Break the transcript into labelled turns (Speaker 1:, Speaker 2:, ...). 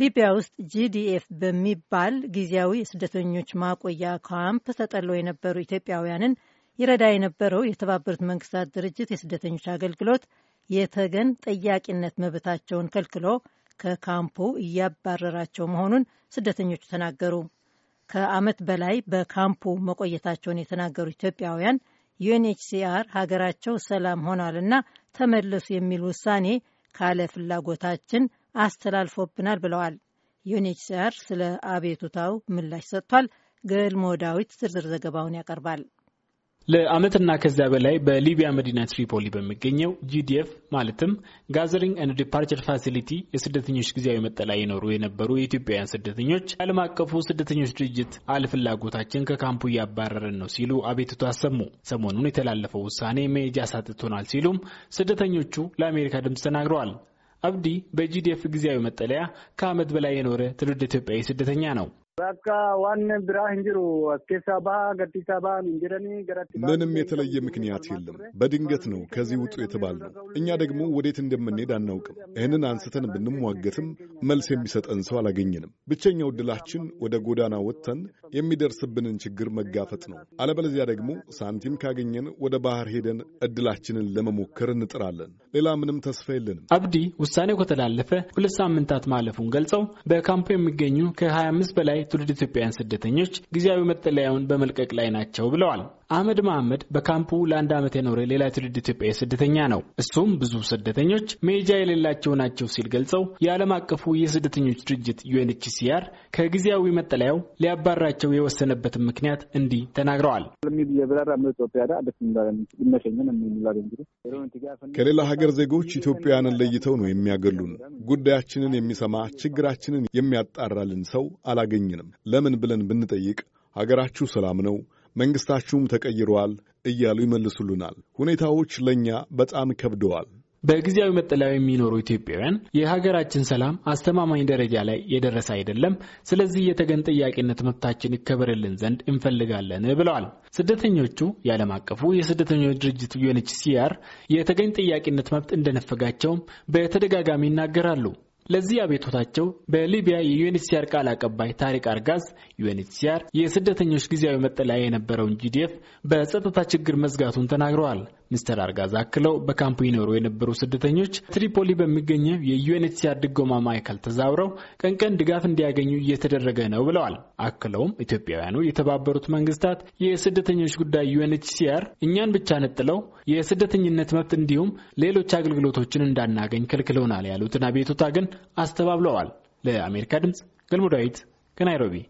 Speaker 1: ሊቢያ ውስጥ ጂዲኤፍ በሚባል ጊዜያዊ የስደተኞች ማቆያ ካምፕ ተጠለው የነበሩ ኢትዮጵያውያንን ይረዳ የነበረው የተባበሩት መንግስታት ድርጅት የስደተኞች አገልግሎት የተገን ጠያቂነት መብታቸውን ከልክሎ ከካምፑ እያባረራቸው መሆኑን ስደተኞቹ ተናገሩ። ከዓመት በላይ በካምፑ መቆየታቸውን የተናገሩ ኢትዮጵያውያን ዩኤንኤችሲአር ሀገራቸው ሰላም ሆኗልና ተመለሱ የሚል ውሳኔ ካለ ፍላጎታችን አስተላልፎብናል ብለዋል። ዩኤንኤችሲአር ስለ አቤቱታው ምላሽ ሰጥቷል። ገልሞ ዳዊት ዝርዝር ዘገባውን ያቀርባል።
Speaker 2: ለአመትና ከዚያ በላይ በሊቢያ መዲና ትሪፖሊ በሚገኘው ጂዲኤፍ ማለትም ጋዘሪንግ ኤንድ ዲፓርቸር ፋሲሊቲ የስደተኞች ጊዜያዊ መጠለያ ይኖሩ የነበሩ የኢትዮጵያውያን ስደተኞች የዓለም አቀፉ ስደተኞች ድርጅት አለፍላጎታችን ከካምፑ እያባረረን ነው ሲሉ አቤቱታ አሰሙ። ሰሞኑን የተላለፈው ውሳኔ መሄጃ አሳጥቶናል ሲሉም ስደተኞቹ ለአሜሪካ ድምፅ ተናግረዋል። አብዲ በጂዲኤፍ ጊዜያዊ መጠለያ ከዓመት በላይ የኖረ ትውልድ ኢትዮጵያዊ ስደተኛ ነው። Akka ዋን ብራ jiru አስኬሳባ ገዲሳባ gaddisa bahan
Speaker 3: ምንም የተለየ ምክንያት የለም። በድንገት ነው ከዚህ ውጡ የተባልነው። እኛ ደግሞ ወዴት እንደምንሄድ አናውቅም። ይህንን አንስተን ብንሟገትም መልስ የሚሰጠን ሰው አላገኘንም። ብቸኛው ድላችን ወደ ጎዳና ወጥተን የሚደርስብንን ችግር መጋፈጥ ነው። አለበለዚያ ደግሞ ሳንቲም ካገኘን ወደ ባህር ሄደን እድላችንን ለመሞከር እንጥራለን። ሌላ ምንም ተስፋ የለንም። አብዲ ውሳኔው ከተላለፈ
Speaker 2: ሁለት ሳምንታት ማለፉን ገልጸው በካምፑ የሚገኙ ከ25 በላይ ትውልድ ኢትዮጵያውያን ስደተኞች ጊዜያዊ መጠለያውን በመልቀቅ ላይ ናቸው ብለዋል። አህመድ መሐመድ በካምፑ ለአንድ ዓመት የኖረ ሌላ ትውልድ ኢትዮጵያዊ ስደተኛ ነው። እሱም ብዙ ስደተኞች መሄጃ የሌላቸው ናቸው ሲል ገልጸው የዓለም አቀፉ የስደተኞች ድርጅት ዩኤንኤችሲአር ከጊዜያዊ መጠለያው ሊያባራቸው የወሰነበትን ምክንያት እንዲህ ተናግረዋል። ከሌላ ሀገር ዜጎች
Speaker 3: ኢትዮጵያውያንን ለይተው ነው የሚያገሉን። ጉዳያችንን የሚሰማ ችግራችንን የሚያጣራልን ሰው አላገኝንም። ለምን ብለን ብንጠይቅ ሀገራችሁ ሰላም ነው መንግስታችሁም ተቀይረዋል እያሉ ይመልሱልናል። ሁኔታዎች ለእኛ በጣም ከብደዋል። በጊዜያዊ መጠለያ የሚኖሩ ኢትዮጵያውያን
Speaker 2: የሀገራችን ሰላም አስተማማኝ ደረጃ ላይ የደረሰ አይደለም፣ ስለዚህ የተገን ጥያቄነት መብታችን ይከበርልን ዘንድ እንፈልጋለን ብለዋል። ስደተኞቹ የዓለም አቀፉ የስደተኞች ድርጅት ዩኤንኤችሲአር የተገኝ ጥያቄነት መብት እንደነፈጋቸውም በተደጋጋሚ ይናገራሉ። ለዚህ አቤቶታቸው በሊቢያ የዩኤንኤችሲአር ቃል አቀባይ ታሪክ አርጋዝ ዩኤንኤችሲአር የስደተኞች ጊዜያዊ መጠለያ የነበረውን ጂዲኤፍ በጸጥታ ችግር መዝጋቱን ተናግረዋል። ሚስተር አርጋዝ አክለው በካምፑ ይኖሩ የነበሩ ስደተኞች ትሪፖሊ በሚገኘው የዩኤንኤችሲአር ድጎማ ማዕከል ተዛውረው ቀን ቀን ድጋፍ እንዲያገኙ እየተደረገ ነው ብለዋል። አክለውም ኢትዮጵያውያኑ የተባበሩት መንግስታት የስደተኞች ጉዳይ ዩኤንኤችሲአር እኛን ብቻ ነጥለው የስደተኝነት መብት እንዲሁም ሌሎች አገልግሎቶችን እንዳናገኝ ከልክለውናል ያሉትን አቤቱታ ግን አስተባብለዋል። ለአሜሪካ ድምፅ ከናይሮቢ ዳዊት ከናይሮቢ